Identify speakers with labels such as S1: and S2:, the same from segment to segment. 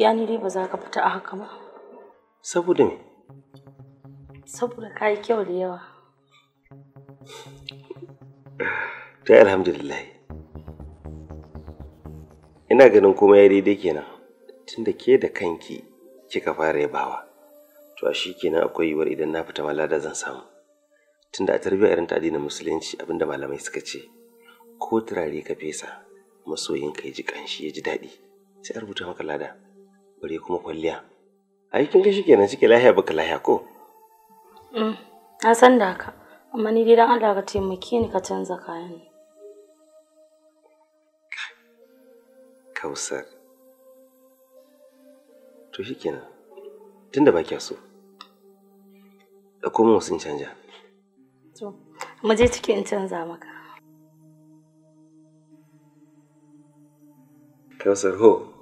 S1: gaskiya ni dai ba za ka fita a haka ba saboda me saboda ka yi kyau da yawa
S2: ta alhamdulillah ina ganin kuma ya daidai kenan tunda ke da kanki kika fara yabawa to a shi kenan akwai yiwuwar idan na fita malada zan samu tunda a tarbiyyar irin ta addinin musulunci abinda malamai suka ce ko turare ka fesa masoyinka ya ji kanshi ya ji daɗi sai a rubuta maka lada bari kuma kwalliya a yi kin gashi kenan cike lahiya baka lahiya ko
S1: mm, na san da haka amma ni dai dan Allah ka taimake ni ka canza kayan
S2: kausar to shi kenan tunda ba kya so da komai wasu canja
S1: to mu je cikin in canza maka
S2: kausar ho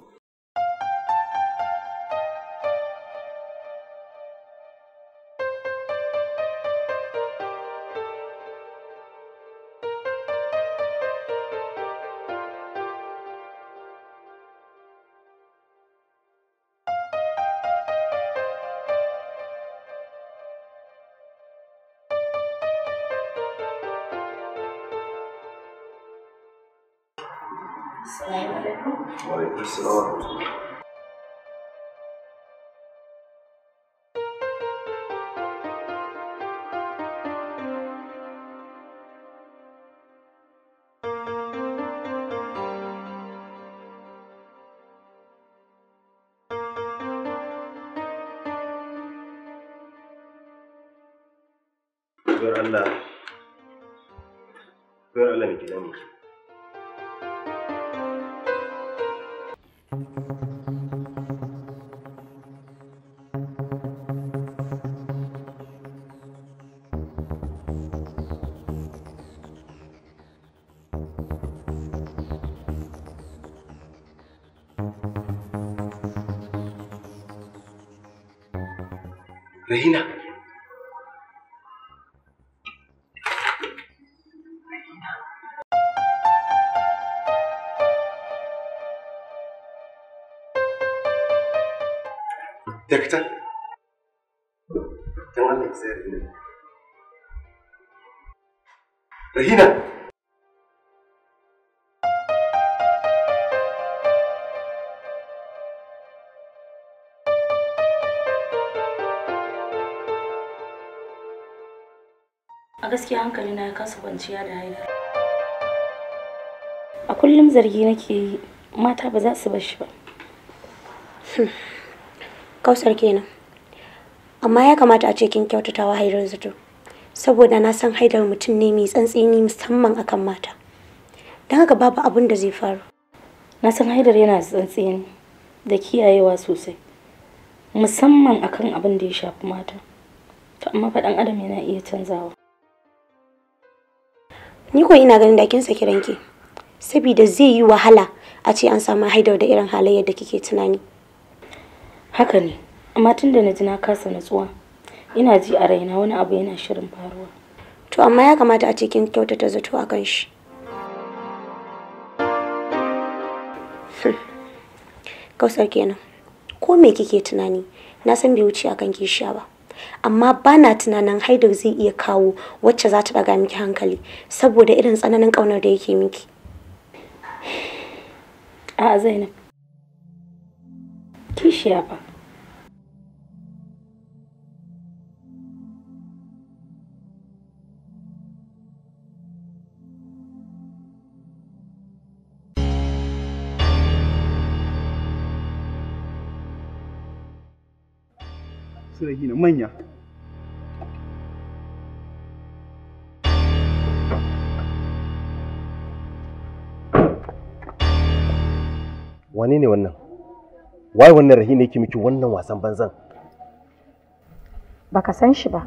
S3: Rahina. Dakta, don Allah Rahina. Rahina.
S1: gaskiya hankali na kasa kwanciya da haidar
S4: a kullum zargi nake yi mata ba za su bar shi ba hmm. kausar kenan amma ya kamata a ce kin kyautata wa haidar zato saboda na san haidar mutum ne mai tsantsini musamman kan mata don haka babu abin da zai faru na san haidar yana tsantsini da kiyayewa sosai
S1: musamman akan
S4: abin da ya shafi mata to amma faɗan adam yana iya canzawa ni ko ina ganin da kin saki ranki saboda zai yi wahala a ce an samu haidau da irin halayyar da kike tunani haka ne amma tun na ji na kasa natsuwa ina ji a raina wani abu yana shirin faruwa to amma ya kamata a ce cikin kyautata zato a kan shi kausar kenan ko me kike tunani na san bai wuce akan kishiya ba amma ba na tunanin haidar zai iya kawo wacce za ta ɗaga miki hankali saboda irin tsananin ƙaunar da yake miki a zainab kishiya ba
S5: suna gina manya
S2: wane ne wannan wai wannan rahina yake miki wannan wasan banzan
S1: baka san shi ba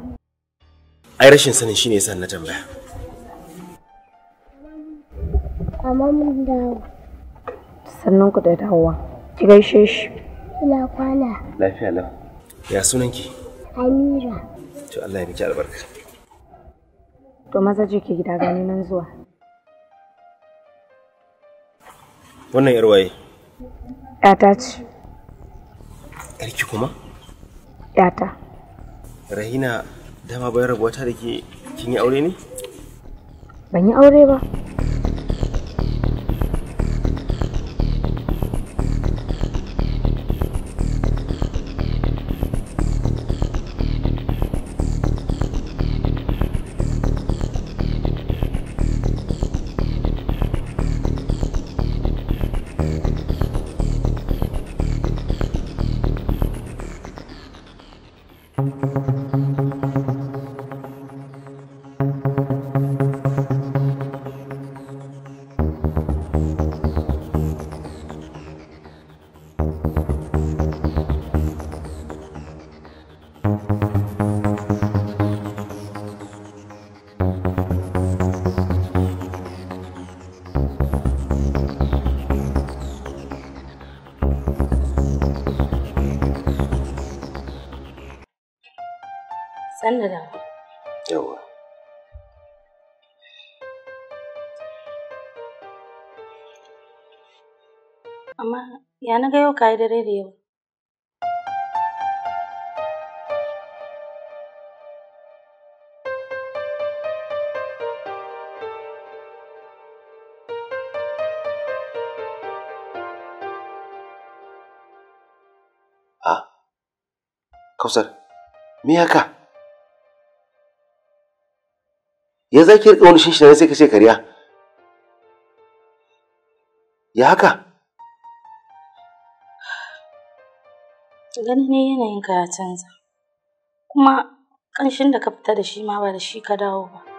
S2: ai rashin sanin shine yasa na tambaya
S1: amma mun dawo sannan ku da dawowa ki gaishe shi ina kwana lafiya lau Ya sunanki? Amira.
S2: To Allah ya miki albarka.
S1: To maza je ki gida gani nan zuwa. Wannan yar waye? Yata ce. Yarki kuma? Yata.
S2: Rahina dama bayan rabuwa ta da ke kin yi aure ne?
S1: Ban yi aure ba. san da dawa yawa amma ya na ga yau yi dare da yawa
S2: ah, Kausar, me haka? ya za ki riƙa wani shinshina sai ka ce karya ya haka
S1: gani ne yanayin karatun ya canza kuma ƙanshin da ka fita da shi ma ba da shi ka dawo ba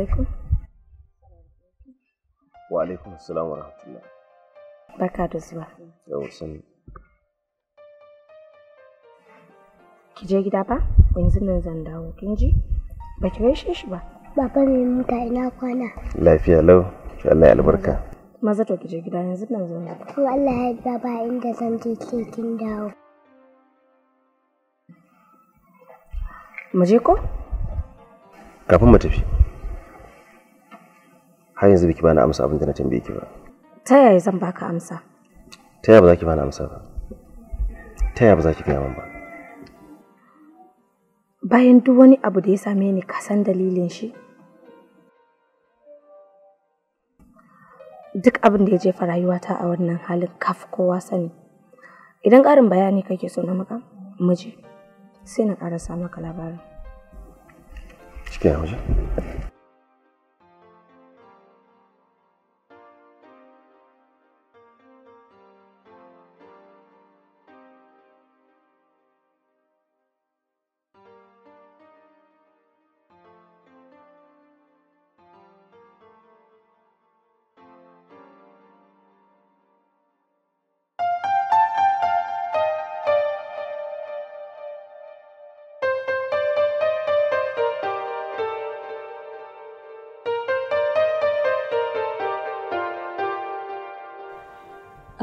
S6: alaikum.
S2: Wa alaikum salam wa rahmatullah.
S6: Barka da zuwa. Yau sani.
S4: Ki je gida ba? Yanzu nan zan dawo kin ji? Ba ki gaishe shi ba. Baba ne muka ina kwana.
S2: Lafiya lau. shi Allah
S1: ya albarka. Maza to ki je gida yanzu
S4: nan zan dawo. Ko Allah ya yi ba inda zan je ke kin dawo.
S1: Mu je ko?
S2: Kafin mu tafi. har yanzu biki bani amsa abin da na tambaye ki ba
S1: ta yaya zan baka amsa
S2: ta yaya ba za ki bani amsa ba ta yaya ba za ki gaya min ba
S1: bayan duk wani abu da ya same ni ka san dalilin shi duk abin da ya jefa rayuwata a wannan halin kafi kowa sani idan ƙarin bayani kake so na maka
S4: muje. sai na ƙarasa maka labarin
S3: cikin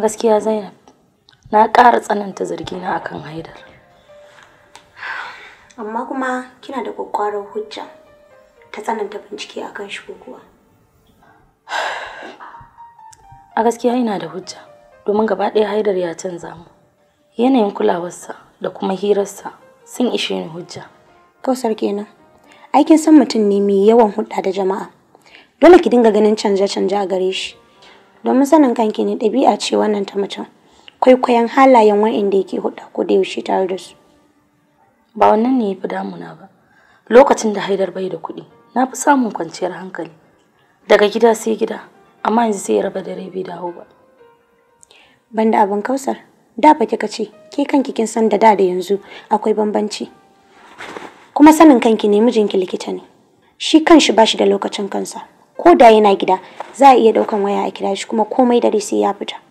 S1: gaskiya Zainab, na ƙara tsananta zargina akan Haidar.
S4: Amma kuma kina da kwakwarar hujja ta tsananta bincike akan shi kuwa.
S1: A gaskiya ina da hujja, domin gaba ɗaya Haidar ya canza mu. Yanayin kulawarsa da kuma
S4: hirarsa sun
S1: ishe ni hujja.
S4: Kausar kenan, aikin san mutum ne mai yawan hulɗa da jama'a. Dole ki dinga ganin canje-canje a gare shi. Domin sanin kanki ne ɗabi'a ce wannan ta mutum. Kwaikwayon halayen wa'inda yake huɗa ko da yaushe tare da su. Ba wannan ne ya fi damuna ba.
S1: Lokacin da Haidar bai da kuɗi,
S4: na fi samun kwanciyar hankali. Daga gida sai gida, amma yanzu sai ya raba dare bai dawo ba. Banda abin kausar, da ba kika ce, ke kanki kin san da da da yanzu akwai bambanci. Kuma sanin kanki ne mijinki likita ne. Shi kanshi ba shi da lokacin kansa. ko da yana gida za a iya ɗaukan waya a kira shi kuma komai dare sai ya fita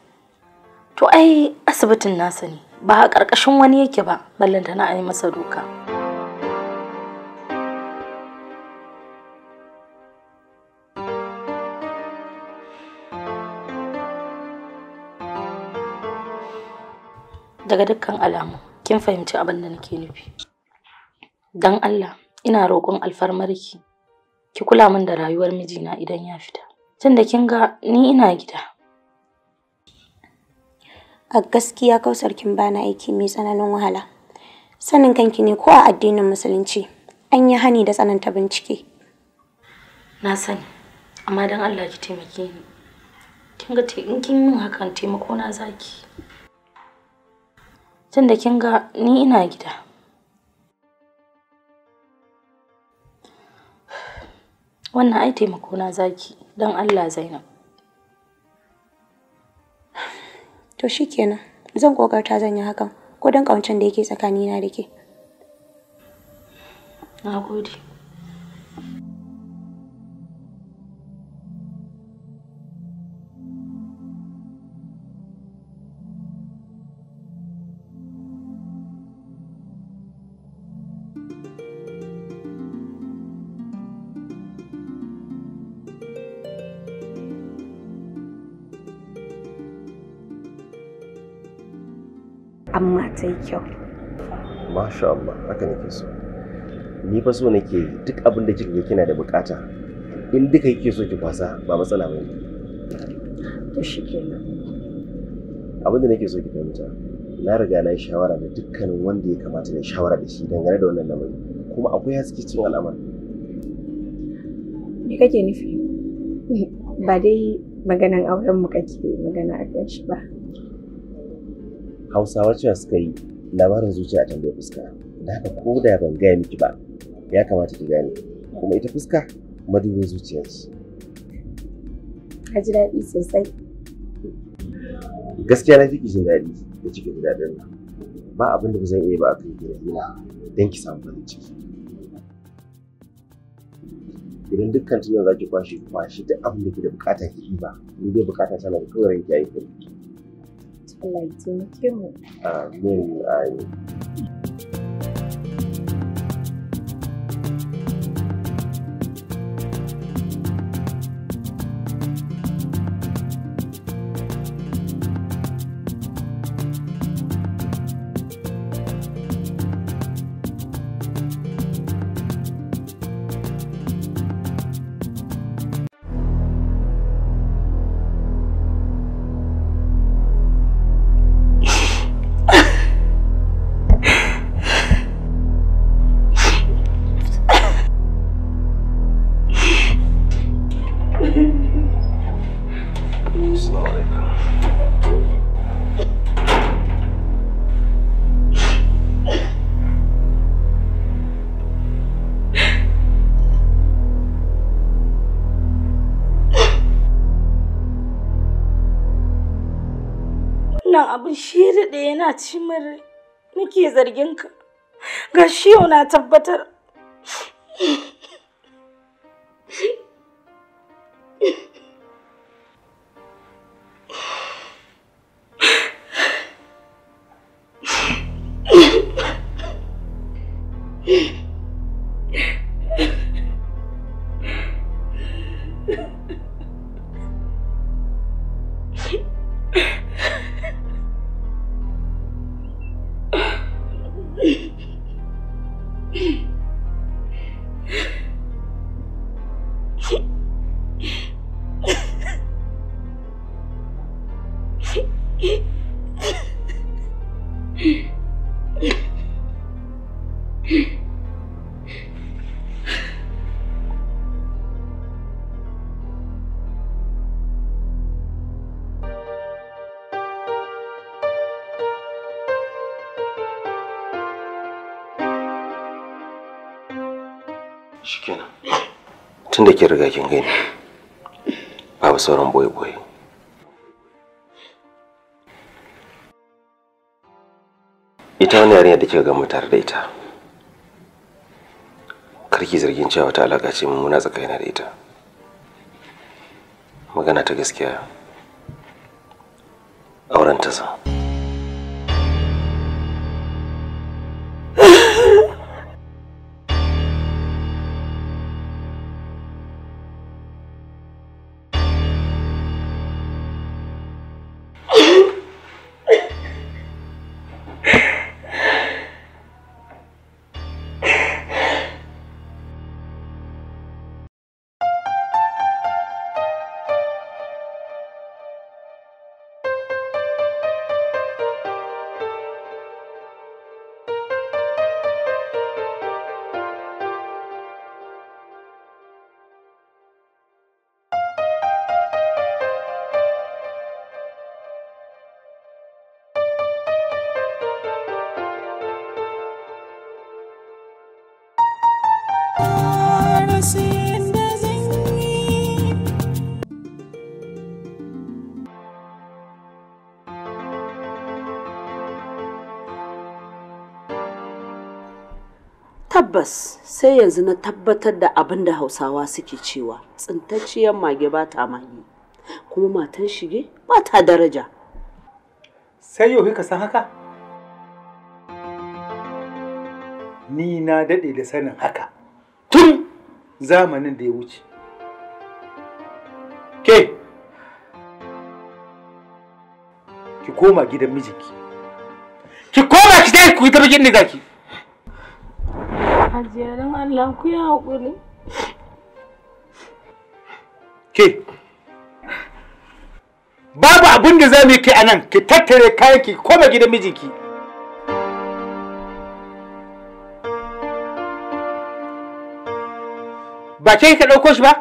S4: to ai asibitin nasa ne ba a ƙarƙashin wani yake ba
S1: ballanta na yi masa doka daga dukkan alamu kin fahimci abin da nake nufi don allah ina roƙon alfarmarki
S4: ki kula min da rayuwar mijina idan ya fita da kin ga ni ina gida a gaskiya kausar kin bana aiki mai tsananin wahala sanin kanki ne ko a addinin musulunci an yi hani da tsananta bincike
S1: na sani amma don allah ki taimake ni kin ga in kin min hakan taimako na zaki da kin ga ni ina gida
S4: wannan ai taimako na zaki don allah zainab to shi kenan zan kokarta zan yi hakan ko don ƙawancen da yake tsakanina da ke na gode
S1: ta yi kyau
S2: masha Allah haka nake so ni fa so nake duk abin da kika kina da bukata in duka kike so ki kwasa ba matsala bane
S3: to shikenan
S2: abin da nake so ki fahimta na riga na yi shawara da dukkanin wanda ya kamata na shawara da shi dangane da wannan lamari kuma akwai haske cikin al'amari
S4: me kake nufi ba dai maganan auren mu kake magana a kan shi ba
S2: hausawa cewa suka yi labarin zuciya a tambayar fuska da haka ko da ban gaya miki ba ya kamata ki gane kuma ita fuska madubin zuciya ce
S1: ka ji daɗi sosai
S2: gaskiya na fi jin daɗi da cikin ji daɗin ba abin da ba zan iya ba a kan gina don ki samu farin ciki idan dukkan tunan za ki kwashe kwashe duk abin da ke da bukata ki ba ni dai bukata tana da kawai ranki ayyukan
S1: ki lighting human.
S2: I...
S1: daɗe yana ci nake zargin ka ga shi yau na tabbatar
S3: Tunda
S2: tun ke riga kin gani babu sauran boye-boye ita wani yarinya da kika ga tare da ita karki zargin cewa wata alaka ce mummuna tsakanin da ita magana ta gaskiya auren ta zan
S6: Tabbas sai yanzu na tabbatar da abin da Hausawa suke cewa tsintacciyar mage ba ta mage, kuma matan shige ba ta daraja.
S5: Sai yau ka san haka? Ni na daɗe da sanin haka tun zamanin da ya wuce. Ke, ki koma gidan mijinki, ki koma ki dai ku yi ta bikin da zaki.
S1: Hajiya Allah ku yi haƙuri.
S5: Ke, babu abin da za mu yi kai a nan, ki tattare kayanki koma gidan mijinki. Ba ke ka ɗauko shi ba?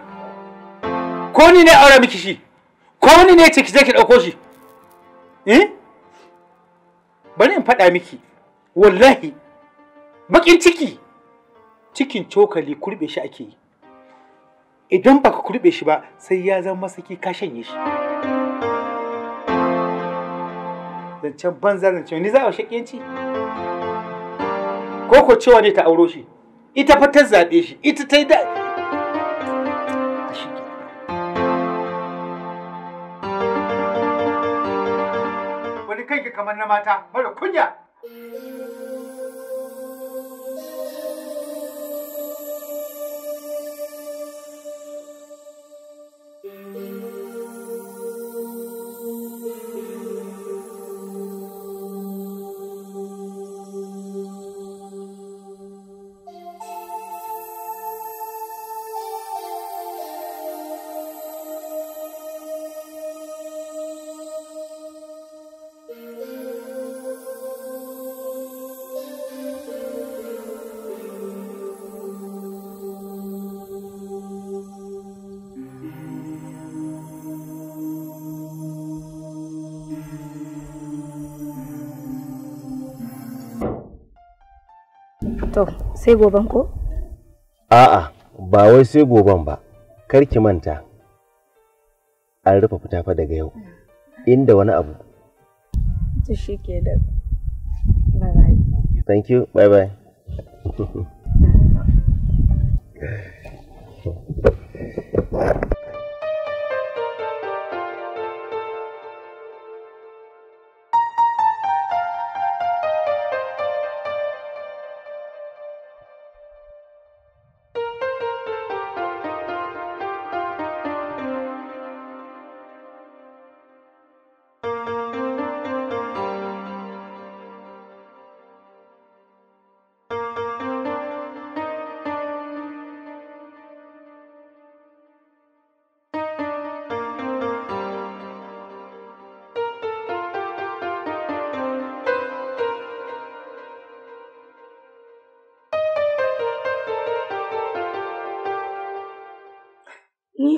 S5: Ko ni ne aure miki shi? Ko ni ne ce ki zai ki ɗauko shi? Eh? Bari in faɗa miki, wallahi, baƙin ciki. cikin cokali kurɓe shi ake yi idan baka kurɓe shi ba sai ya zama masaki ka shanye shi zancen banza zancen ni za a shakiyanci ko ko cewa ne ta auro shi ita fa ta zaɓe shi ita ta yi da wani kanki kamar na mata mara kunya
S1: sai goban ko
S2: a'a ba wai sai goban ba kar ki manta an rufe fita fa daga yau inda wani abu
S1: Ta shi ke da bye bye
S2: thank you bye bye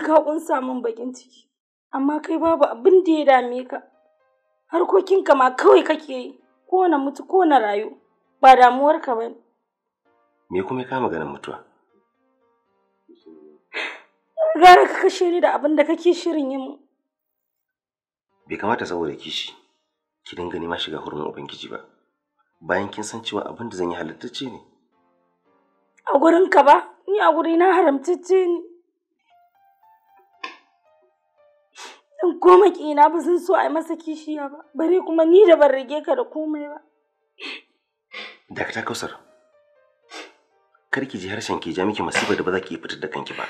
S1: ka kunsa min bakin ciki, amma kai babu abin da ya dame ka. Harkokinka ma kawai kake yi, ko na mutu ko na rayu, ba damuwar ba ne.
S2: Me kuma ka kama ganin mutuwa?
S1: Gara ka kashe ni da abin da kake shirin yi mu.
S2: Bai kamata saboda kishi, ki dinga nema shiga hurumin Ubangiji ba. Bayan kin san cewa abin da zan yi halittacce ne.
S1: A ka ba, ni a na haramtacce ne. Dan ko makina ba sun so a yi masa kishiya ba, bari kuma ni da ban rage ka da komai ba.
S2: Dakta Kausar, kar ki ji harshen ki ja miki masifar da ba za ki iya fitar da kanki ba.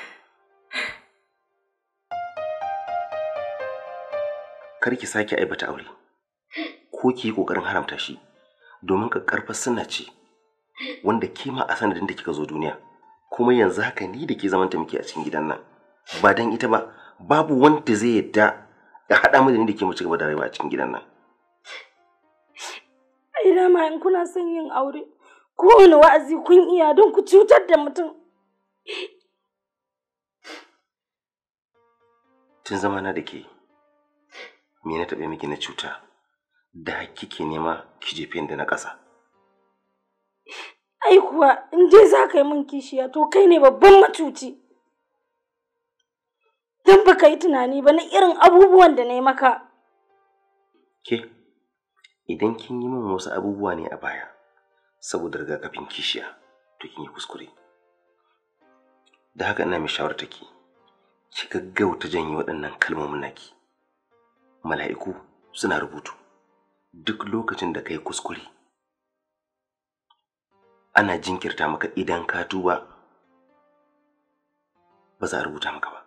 S2: Kar ki sake aibata aure, ko ki yi ƙoƙarin haramta shi, domin ƙaƙƙarfar suna ce, wanda ma a sanadin da kika zo duniya, kuma yanzu haka ni da ke zamanta miki a cikin gidan nan, ba don ita ba, babu wanda zai yadda da haɗa mu da ni da ke mu cigaba da rayuwa a cikin gidan nan.
S1: Ai dama in kuna son yin aure kowane wa'azi kun iya don ku cutar da mutum.
S2: Tun zamana da ke me na taɓa miki na cuta da hakki ke nema ki jefe da na ƙasa.
S1: Ai kuwa in je za ka yi min kishiya to kai ne babban macuci. don ba ka yi tunani ba na irin abubuwan da na yi maka.
S2: Ke, idan kin yi min wasu abubuwa ne a baya, saboda rigakafin kishiya, to kin yi kuskure. Da haka ina mai shawarta ki, ki gaggauta janye waɗannan kalmomin naki. Mala'iku suna rubutu, duk lokacin da ka yi kuskure. Ana jinkirta maka idan ka tuba, ba za a rubuta maka ba.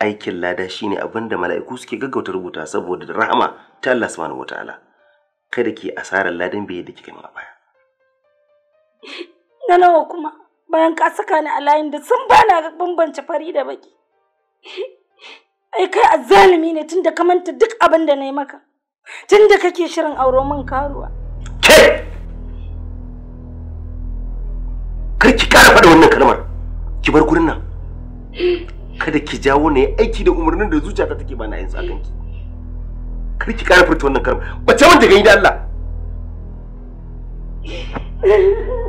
S2: aikin lada shine abin da mala'iku suke gaggauta rubuta saboda rahama ta Allah subhanahu wataala kada ki asarar ladan bai da kika yi baya
S1: na nawa kuma bayan ka saka ni a layin da sun bana bambance fari da baki ai kai azzalimi ne tunda ka manta duk abin da na yi maka tunda kake shirin auro min karuwa ke
S2: kar ki kara faɗa wannan kalmar ki bar gurin nan kada ki jawo na aiki da umarnin da zuciyata take na yin sakan ki kar ki kara furta wannan karam bace wanda gani da Allah
S3: eh, eh, eh.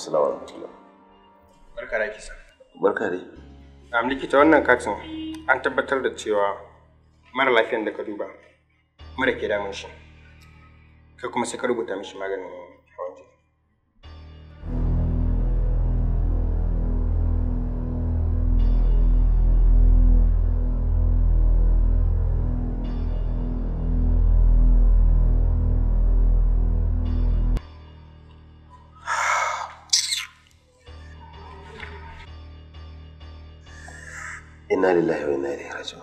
S2: Assalamu alaikum. Barka da kisa. Barka dai. Am likita wannan katin an tabbatar da cewa mara lafiyan da ka duba mara ke damun shi. Kai kuma sai ka rubuta mishi maganin inna lillahi wa inna ilaihi raji'un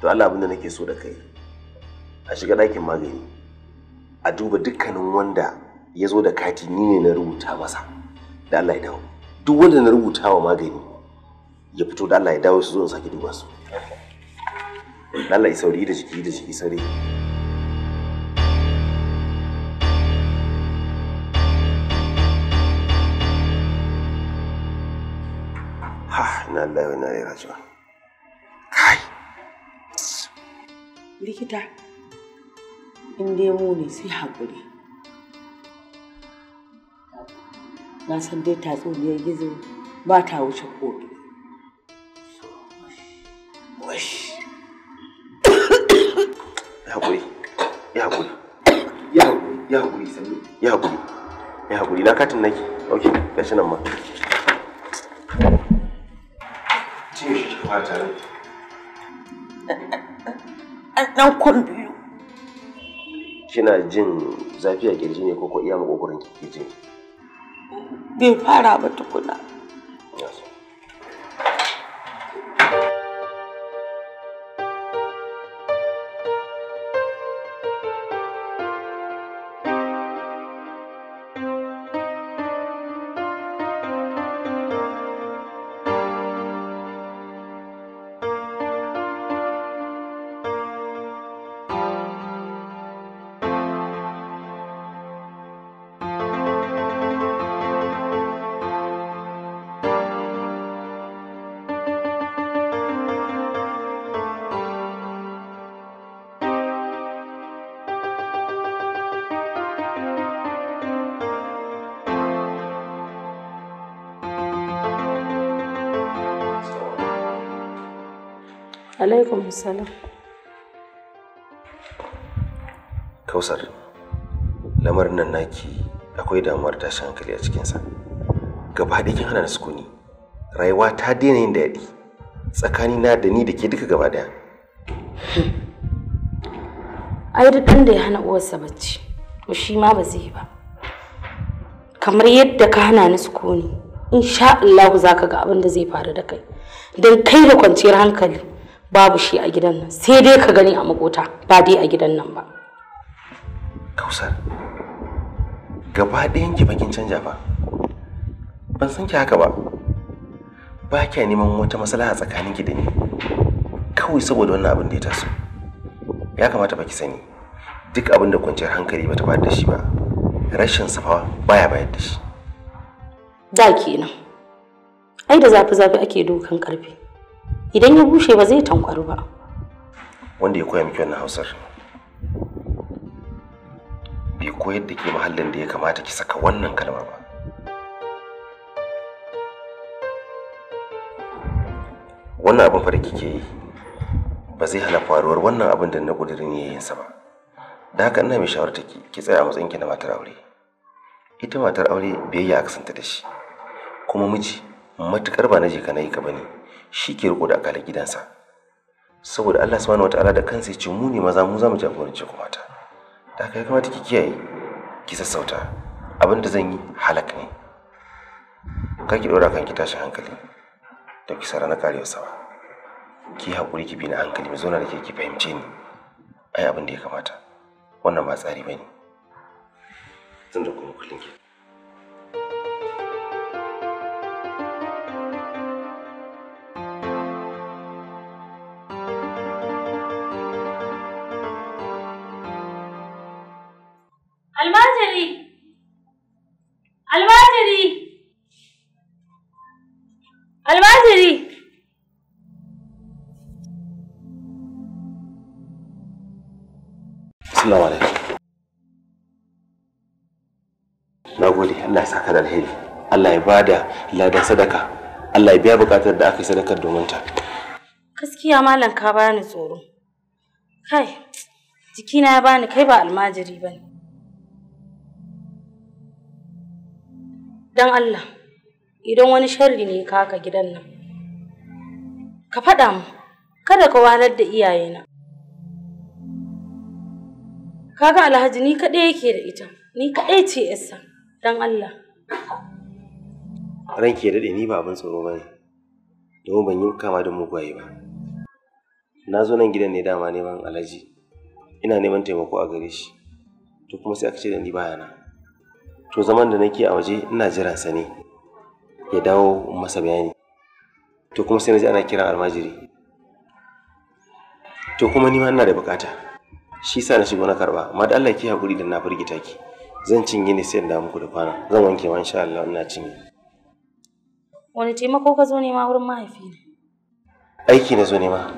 S2: to Allah abinda nake so da kai a shiga ɗakin magani a duba dukkanin wanda ya zo da kati ni ne na rubuta masa da Allah ya dawo duk wanda na rubuta wa magani ya fito da Allah ya dawo su zo in sake duba su Allah ya sauri da jiki da jiki sauri na lillahi yau na yi Kai.
S1: Likita
S6: in ya muni sai haƙuri. Na san dai tatsuniyar gizo ba ta wuce kodi
S2: Haƙuri, ya haƙuri, ya haƙuri, na katin nake, ok, gashi nan ma. ba tare. biyu. Kina jin zafi a kirji ne ko ko iya makogoron kirji
S1: Bai fara ba tukuna. alaikum salam
S2: kausar lamarin nan naki akwai damuwar tashin hankali a cikinsa gaba da kin hana sukuni rayuwa ta daina yin daɗi tsakani na da ni da ke duka gaba daya
S1: ai duk da ya hana uwarsa bacci to shi ma ba zai ba kamar yadda ka hana ni sukuni insha Allah za ka ga abin da zai faru da kai don kai da kwanciyar hankali babu shi a gidan nan sai dai ka gani a makota ba dai a gidan nan ba
S2: kausar gaba ɗayan ki bakin canja fa? ban san ki haka ba ba kya neman wata matsala a tsakanin ki da ni kawai saboda wannan abin da ya taso ya kamata ba ki sani duk abin da kwanciyar hankali ba ta bayar da shi ba rashin safawa baya bayar
S1: da shi da kenan ai da zafi zafi ake dukan karfi idan ya bushe ba zai tankwaru ba
S2: wanda ya koya miki wannan hausar bai koyar da ke mahallin da ya kamata ki saka wannan kalma ba wannan abin fara ke kike yi ba zai hana faruwar wannan abin da na ƙudurin sa ba da haka ina mai shawarta ki ki tsaya a matsayinki na matar aure ita matar aure biyayya a kasanta da shi kuma miji matukar ba na je ka na yi ka bane shi ke riko da akalar gidansa saboda Allah subhanahu wataala da kansa ya ce mu ne maza mu za mu jagorance ku mata da kai kamata ki kiyaye ki sassauta abin da zan yi halak ne kar ki ɗora kanki tashin hankali da ki sara na karewar sawa ki haƙuri ki bi na hankali mai zauna da ke ki fahimce ni ai abin da ya kamata wannan ba tsari bane ne zan da kuma kullum ki
S1: almajiri almajiri almajiri
S3: Assalamu alaikum. Na gode,
S2: Allah ya saka da alheri. Allah ya bada ladan sadaka. Allah ya biya bukatar da aka yi sadakar
S3: domin ta.
S1: Gaskiya malam ka bani tsoro. Kai, jikina ya bani kai ba almajiri bane. don Allah idan wani sharri ne ka gidan nan ka faɗa mu kada ka walar da iyayena kaga alhaji ni kaɗai yake da ita ni kaɗai ce yasa don Allah
S2: ranke daɗe ni ba abin tsoro ba ne domin ban yi kama da mugaye ba na zo nan gidan ne dama neman alhaji ina neman taimako a gare shi to kuma sai aka ce da ni bayana to zaman da nake a waje ina jiran sa ne ya dawo masa bayani to kuma sai na ji ana kiran almajiri to kuma ni ma ina da bukata shi sa na shigo na karba amma da Allah ki hakuri da na firgita ki zan cinye ne sai in da muku da kwana zan wanke ma insha Allah ina cinye
S1: wani taimako ka zo nema wurin mahaifina
S2: aiki na zo nema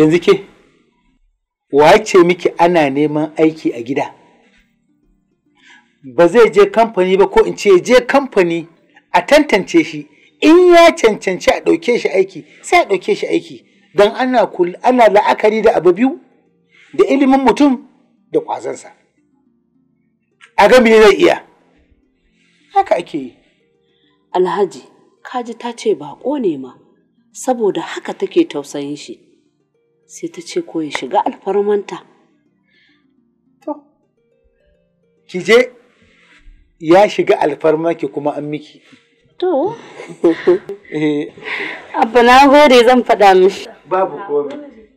S5: yanzu ke wace miki ana neman aiki a gida ba zai je kamfani ba ko in ce je kamfani a tantance shi in ya cancanci a ɗauke shi aiki sai a ɗauke shi aiki don ana, la'akari da abu biyu da ilimin mutum da ƙwazansa a ga me zai iya
S6: haka ake yi alhaji kaji ta ce baƙo ne ma saboda haka take tausayin shi sai ta ce ko ya shiga alfarmanta. To, ki je ya
S5: shiga alfarma ki kuma an miki. To, eh. abba na gode zan faɗa mishi. Babu komi,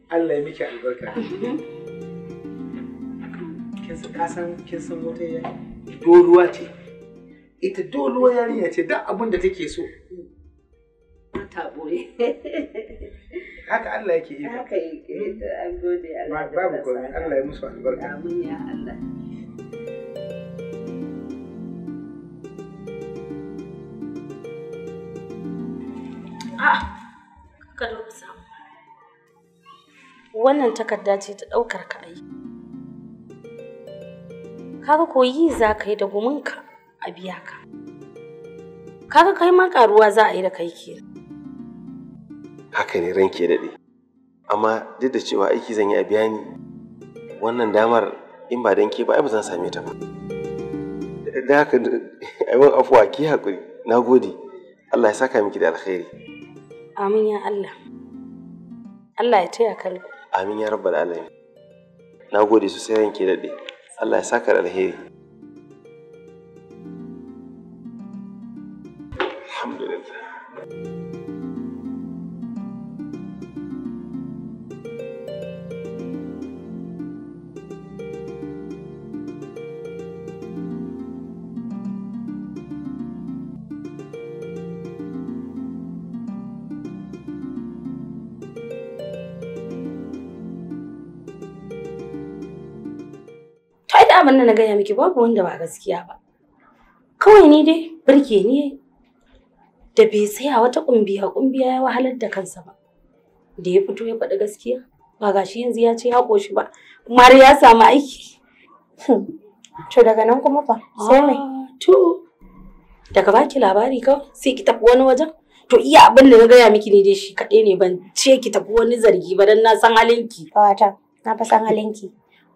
S5: Allah ya miki albarka. Kin san wata ya doruwa ce, ita doruwa yarinya ce duk abin da take so.
S6: Ta boye. haka Allah yake yi haka yake hmm. an gode Allah babu komai Allah ya
S5: musu albarka amin ya Allah
S1: ah wannan takarda ce ta ɗaukar ka ai kaga koyi za ka yi da ka a biya ka kaga kai ma karuwa za a yi da kai kenan
S2: haka ne ranke daɗe amma duk da cewa aiki zan yi a biya ni wannan damar in ba ke ba ai ba zan same ta ba da haka aiwan afuwa ki haƙuri na gode Allah ya saka miki da alkhairi
S1: amin ya Allah Allah ya taya kalgo
S2: amin ya rabbal alamin na gode sosai ranke daɗe Allah ya saka da alheri
S3: alhamdulillah
S1: abin da na gaya miki babu wanda ba gaskiya ba. Kawai ni dai birge ni da bai tsaya wata kumbiya kumbiya ya wahalar da kansa ba. Da ya fito ya faɗi gaskiya ba gashi yanzu ya ce ya ƙoshi ba. Mari ya samu aiki. Hmm, to daga nan kuma fa sai mai. Ah, to daga baki labari kawai sai ki tafi wani wajen. To iya abin da na gaya miki ne dai shi kaɗai
S4: ne ban ce ki tafi wani zargi ba don na san halinki. Kawata na fa san halinki.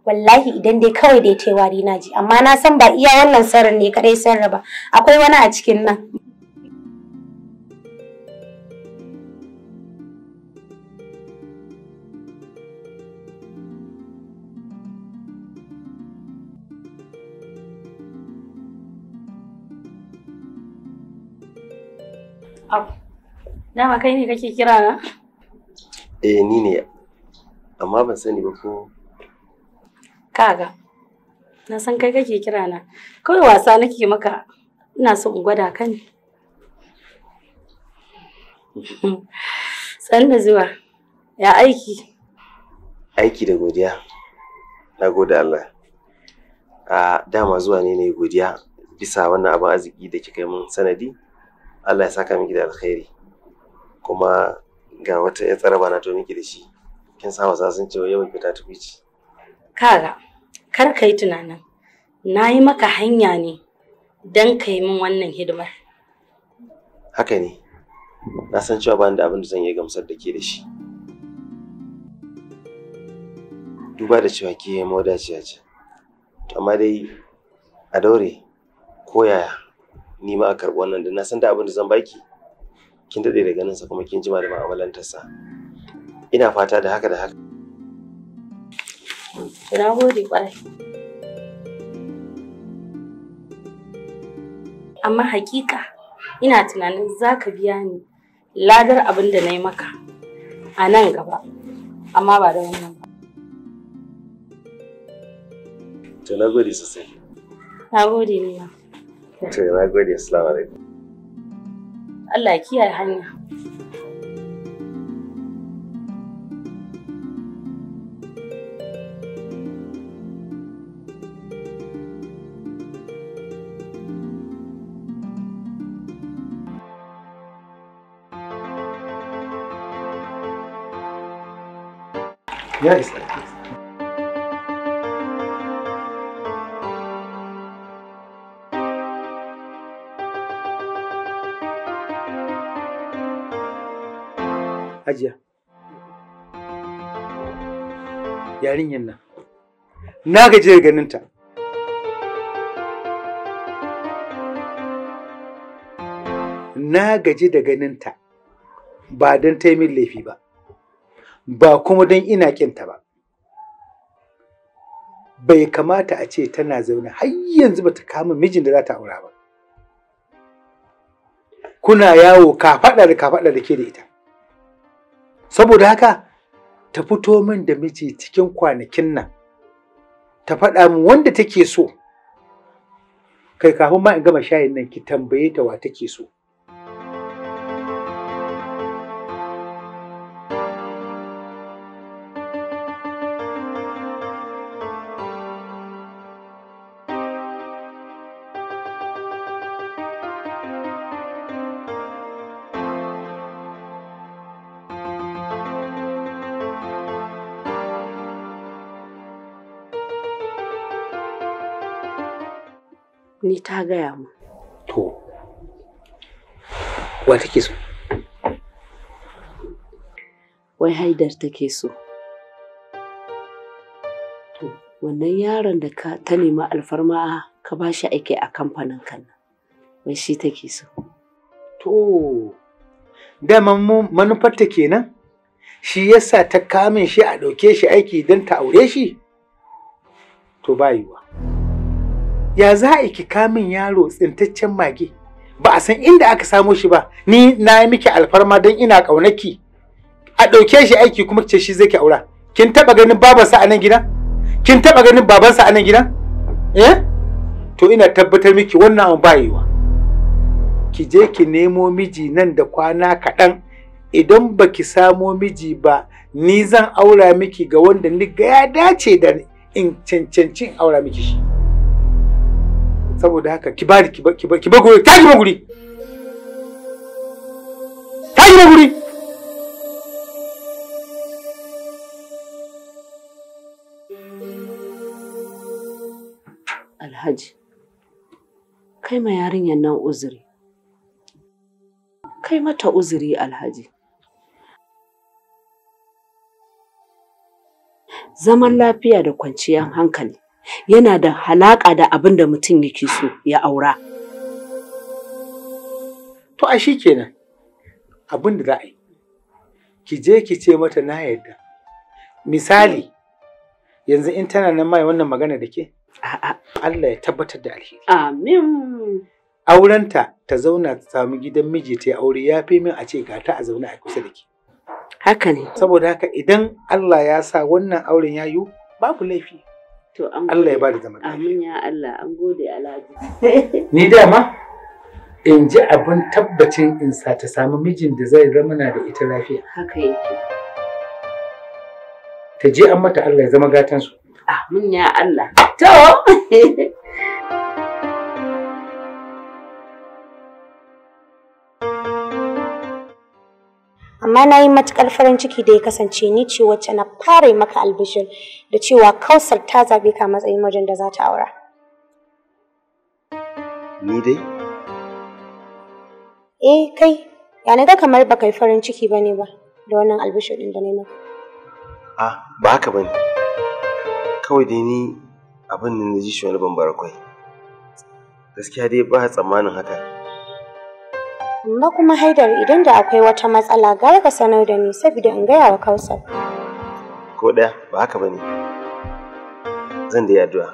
S4: wallahi idan dai kawai dai ta wari na ji amma na san ba iya wannan sarrin ne kadai sarra ba akwai wani a cikin nan
S1: Dama kai ne kake kira na?
S2: Eh ni ne, amma ban sani ba ko
S1: kaga na san kai kake kira na kawai wasa nake maka ina so in gwada ka ne san zuwa ya aiki
S2: aiki da godiya na gode Allah a dama zuwa ne ne godiya bisa wannan abin arziki da kika min mun sanadi Allah ya saka miki da alkhairi kuma ga wata ya tsaraba na to miki da shi kin sa wasa sun ce yau ki ta
S1: Kaga, kar ka yi tunanin na yi maka hanya ne don ka yi min wannan hidimar.
S2: Haka ne, na san cewa bani da abin da zan iya gamsar da ke da shi. Duba da cewa ke mawadaciya ce, amma dai a daure ko yaya ni ma a karɓi wannan da na san da abin da zan baki kin daɗe da sa kuma kin jima da ma'amalantarsa. Ina fata da haka da haka.
S3: Na
S1: gode ƙwarai. Amma haƙiƙa ina tunanin za ka biya ni ladar abin da na yi maka a nan gaba, amma ba da wannan ba.
S2: To na gode sosai.
S1: Na gode ne ma.
S2: To na gode, salamu alaikum.
S1: Allah kiyaye hanya.
S5: Ja, ist isa. Hajiya. Yarinyar nan. Na gaje ganin ta. na gaji da ganinta ba don taimin laifi ba ba kuma don ina kinta ba bai kamata a ce tana zaune har yanzu bata kama mijin da za ta aura ba kuna yawo kafaɗa da kafaɗa da ke da ita saboda haka ta fito min da miji cikin kwanakin nan ta faɗa min wanda take so kai kafin ma in gama shayin nan ki tambaye ta wa take so
S6: ta gaya mu. To, wa take so? Wai haidar take so. To, wannan yaron da ka ta nemi alfarma ka ba shi aiki a kamfanin kan wai shi take so.
S5: To, dama manufarta kenan? Shi yasa ta kamin shi a ɗauke shi aiki don ta aure shi? To ba yiwa. ya za a ki min yaro tsintaccen mage ba a san inda aka samo shi ba ni na yi miki alfarma don ina ƙaunaki a ɗauke shi aiki kuma ce shi zai ki aura kin taɓa ganin babansa a nan gida kin taɓa ganin babansa a nan gida eh to ina tabbatar miki wannan abu bayewa ki je ki nemo miji nan da kwana kaɗan idan baki samo miji ba ni zan aura miki ga wanda ni ga ya dace da in cancanci aura miki shi saboda haka ki bari ki ba ki ba ta ki ba guri ta ki ba guri
S6: Alhaji kai ma yarinyar nan uzuri kai mata uzuri Alhaji zaman lafiya da kwanciyar hankali yana da halaƙa da abin da mutum yake so ya aura. To a shi kenan abin da za a yi,
S5: ki je ki ce mata na yadda. Misali, yanzu in tana nan mai wannan magana da ke? A'a. Allah ya tabbatar da alheri.
S6: Amin.
S5: Aurenta ta zauna ta samu gidan miji ta aure ya fi min a ce ga ta a zaune a kusa da ke. Haka ne. Saboda haka idan Allah ya sa wannan auren ya yiwu babu laifi.
S6: Allah ya bada zaman Amin ya Allah, an gode Alhaji.
S5: Ni dama in ji abin tabbacin in sa ta samu mijin da zai ramana da ita lafiya. Haka yake. Ta je an mata Allah ya zama gatansu.
S6: Amin ya Allah. To!
S4: amma na yi matuƙar farin ciki da ya kasance ni ce wacce na fara maka albishir da cewa kausar ta zabe ka matsayin wajen da za ta aura. Ni dai? Eh kai, ya na ga kamar ba kai farin ciki ba ne ba da wannan albishir ɗin da na maka.
S2: Ah, ba haka ba ne. Kawai dai ni abin da na ji shi wani bambara kwai. Gaskiya dai ba tsammanin haka.
S4: amma kuma haidar idan da akwai wata matsala gara ka sanar da ni saboda in gaya wa kausar
S2: ko ɗaya ba haka ba ne zan da yaduwa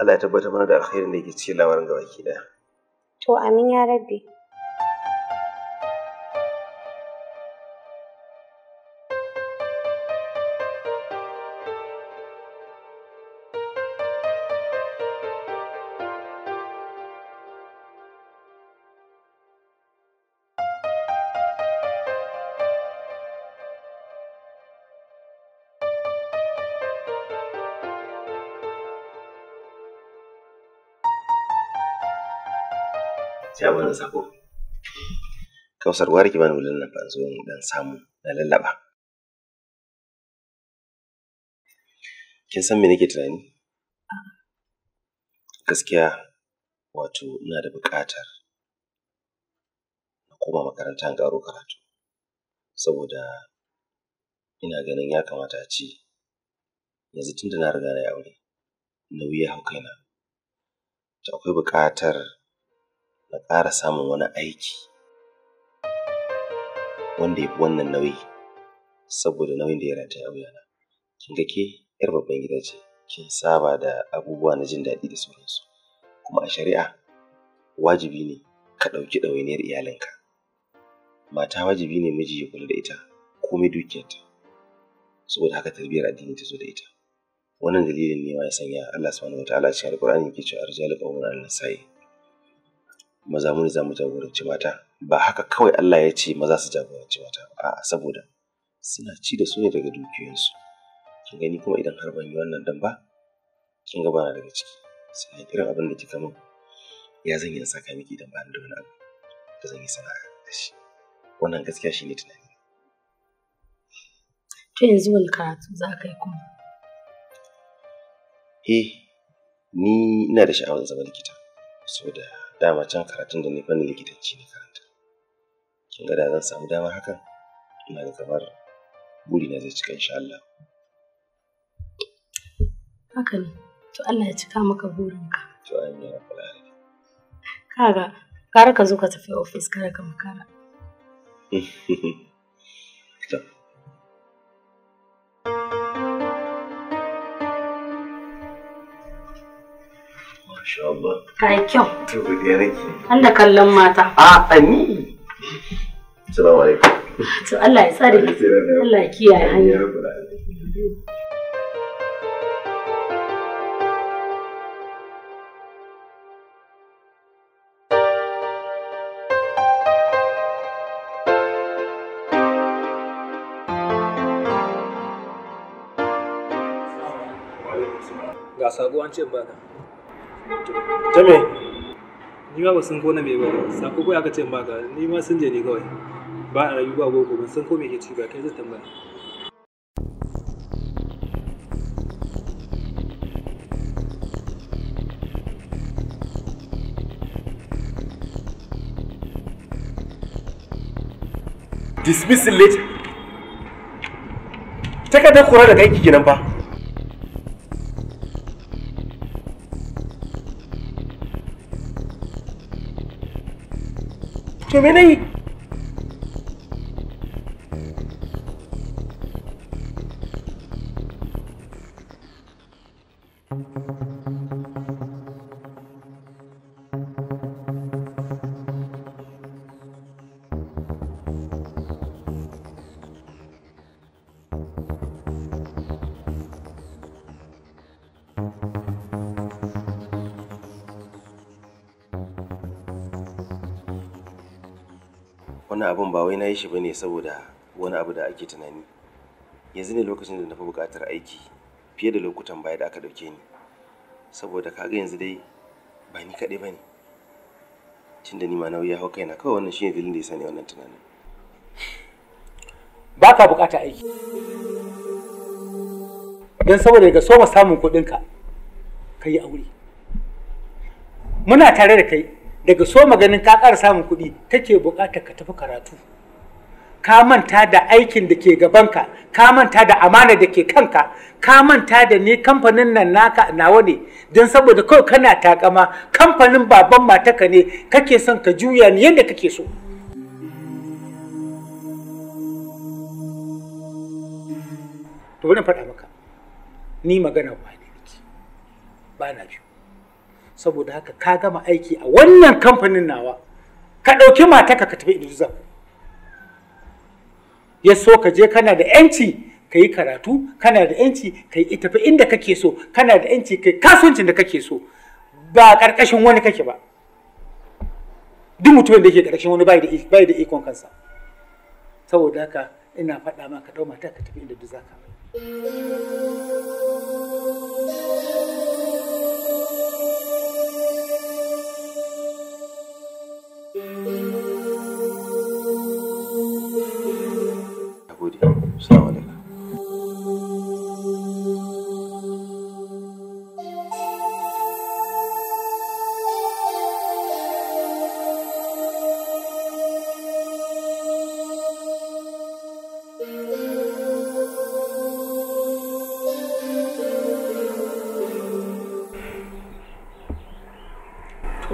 S2: Allah ya tabbatar mana da alkhairin da yake cikin lamarin gabaki ɗaya
S4: to amin ya rabbi
S3: sai a sako kausar wari ki bani wulin na ban dan samu na lallaba kin san me nake tunani gaskiya wato ina da buƙatar
S2: na koma makaranta in karatu saboda ina ganin ya kamata a ce yanzu tunda na riga na yi aure nauyi ya hau kaina to akwai buƙatar na ƙara samun wani aiki wanda ya fi wannan nauyi saboda nauyin da ya rataya a wuyana kin ga ke yar babban gida ce kin saba da abubuwa na jin daɗi da sauransu kuma a shari'a wajibi ne ka ɗauki ɗawainiyar iyalinka mata wajibi ne miji ya kula da ita komai dukiyarta saboda haka tarbiyyar addini ta zo da ita wannan dalilin ne ya sanya Allah subhanahu wataala cikin alqur'ani yake cewa arjalu qawmun an-nisa'i maza mu ne za mu jagoranci mata ba haka kawai Allah ya ce maza su jagoranci mata a saboda suna ci da su ne daga dukiyoyinsu kin gani kuma idan har ban yi wannan dan ba kin ga bana daga ciki sai irin abin da ke min ya zan yi saka miki idan ba da wani abu da zan yi sana'a da shi wannan gaskiya shine tunani
S1: to yanzu wani karatu za ka yi kuma
S2: eh ni ina da sha'awar zama likita saboda dama can karatun da ni fannin likitanci ne karanta kin ga da zan samu damar hakan ina da kamar buri na zai cika insha Allah
S1: haka ne to Allah ya cika maka burinka
S3: to amin ya rabbal
S1: kaga kare ka zo ka tafi office kare ka makara
S3: to
S1: Masha Allah. kyau. An da kallon mata. A ani. Assalamu alaikum. Allah ya tsare Allah ya kiyaye hanya.
S5: ga ce ta me ni ma ba sun kona me ba sako ko aka ce ba ka ni ma sun je ne kawai ba a rayu ba gogo ban san ko me ke ci ba kai zai tambaya dismissing late takardar kura da aiki kenan fa उसके नहीं
S2: wannan abun ba wai na yi shi ba ne saboda wani abu da ake tunani yanzu ne lokacin da na fi buƙatar aiki fiye da lokutan baya da aka ɗauke ni saboda kaga yanzu dai ba ni kaɗai ba ne cin da ni ma nauyi ya hau kaina kawai wannan shi ne dalilin da ya sani wannan tunanin
S5: ba ka buƙatar aiki don saboda daga soma samun kuɗinka ka yi aure muna tare da kai daga so maganin ka ƙara samun kuɗi take buƙatar ka tafi karatu ka manta da aikin da ke gabanka ka manta da amana da ke kanka ka manta da ni kamfanin nan naka nawa ne don saboda kawai kana takama kamfanin baban mataka ne kake son ka juya ni yadda kake so to wani faɗa maka ni magana ba ba na biyu saboda haka ka gama aiki a wannan kamfanin nawa ka ɗauki mataka ka tafi Idriza ya so ka je kana da yanci ka yi karatu kana da yanci ka yi tafi inda kake so kana da yanci ka yi kasuwancin da kake so ba ƙarƙashin wani kake ba duk mutumin da ke ƙarƙashin wani bai da ikon kansa saboda haka ina faɗa maka ɗau mata ka tafi inda duk zaka.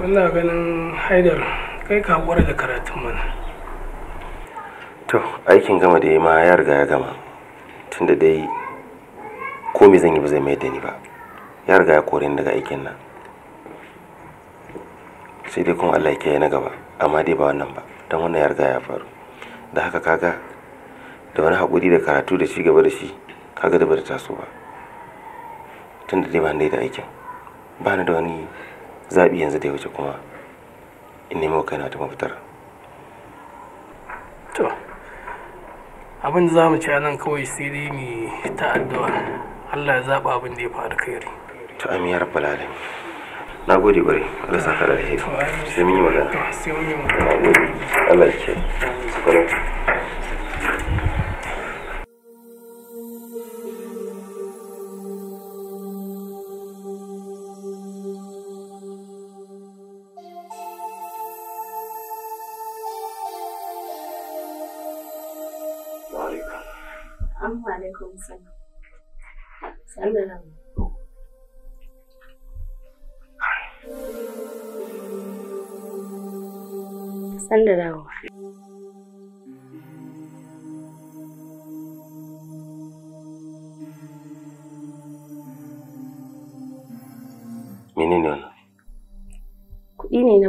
S2: ina ganin haidar kai ka hakura da karatun mana to aikin gama da ya ma ya riga ya gama tunda dai ko me zan yi ba zai mai da ni ba ya riga ya kore ni daga aikin nan sai dai kuma Allah ya na gaba amma dai ba wannan ba don wannan ya riga ya faru da haka kaga da wani hakuri da karatu da ci gaba da shi kaga da ba da taso ba tunda dai ba ni da aikin ba ni da wani zaɓi yanzu da ya wuce kuma in nemo kaina ta mafitar
S4: to abin da za mu ci a nan kawai sai dai mu ta addu'a Allah ya zaɓa abin da ya faru kairi
S2: to amin ya rabbal alamin na gode bare Allah sa ka alheri sai mun yi magana
S3: sai mun yi magana Allah ya ce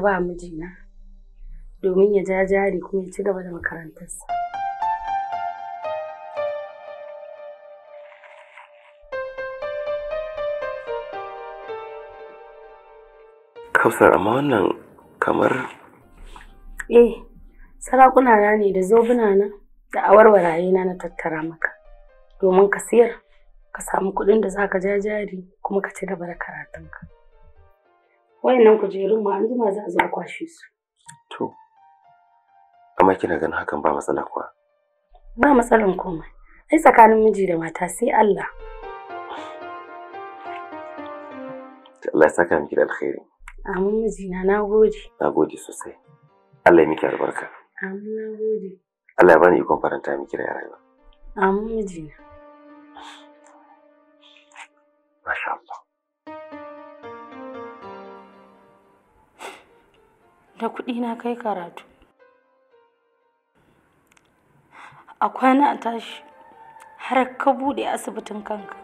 S1: ba mijina domin ya ja jari kuma ya ci gaba da makarantarsa.
S2: Kausar amma wannan kamar?
S1: Eh, sarakuna na ne da zobuna na da awarwaraye na na tattara maka domin ka siyar ka samu kuɗin da za ka ja jari kuma ka ci gaba da karatunka. wayannan kujerun ma an jima za a zo a kwashe su
S2: to amma kina ganin hakan ba matsala kuwa
S1: ba matsalan komai ai tsakanin miji da mata sai Allah
S2: Allah ya saka miki da alkhairi
S1: amin mijina na gode
S2: na gode sosai Allah ya miki albarka
S1: amin na gode
S2: Allah ya bani ikon faranta miki da rayuwa
S1: amin mijina da kuɗi na kai karatu a kwana a tashi har ka buɗe asibitin kanka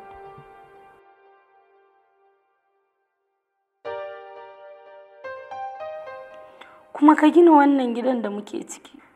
S1: kuma ka gina wannan gidan da muke ciki